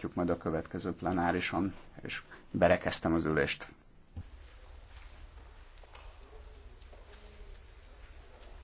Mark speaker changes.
Speaker 1: folytatjuk majd a következő plenárison, és berekeztem az ülést.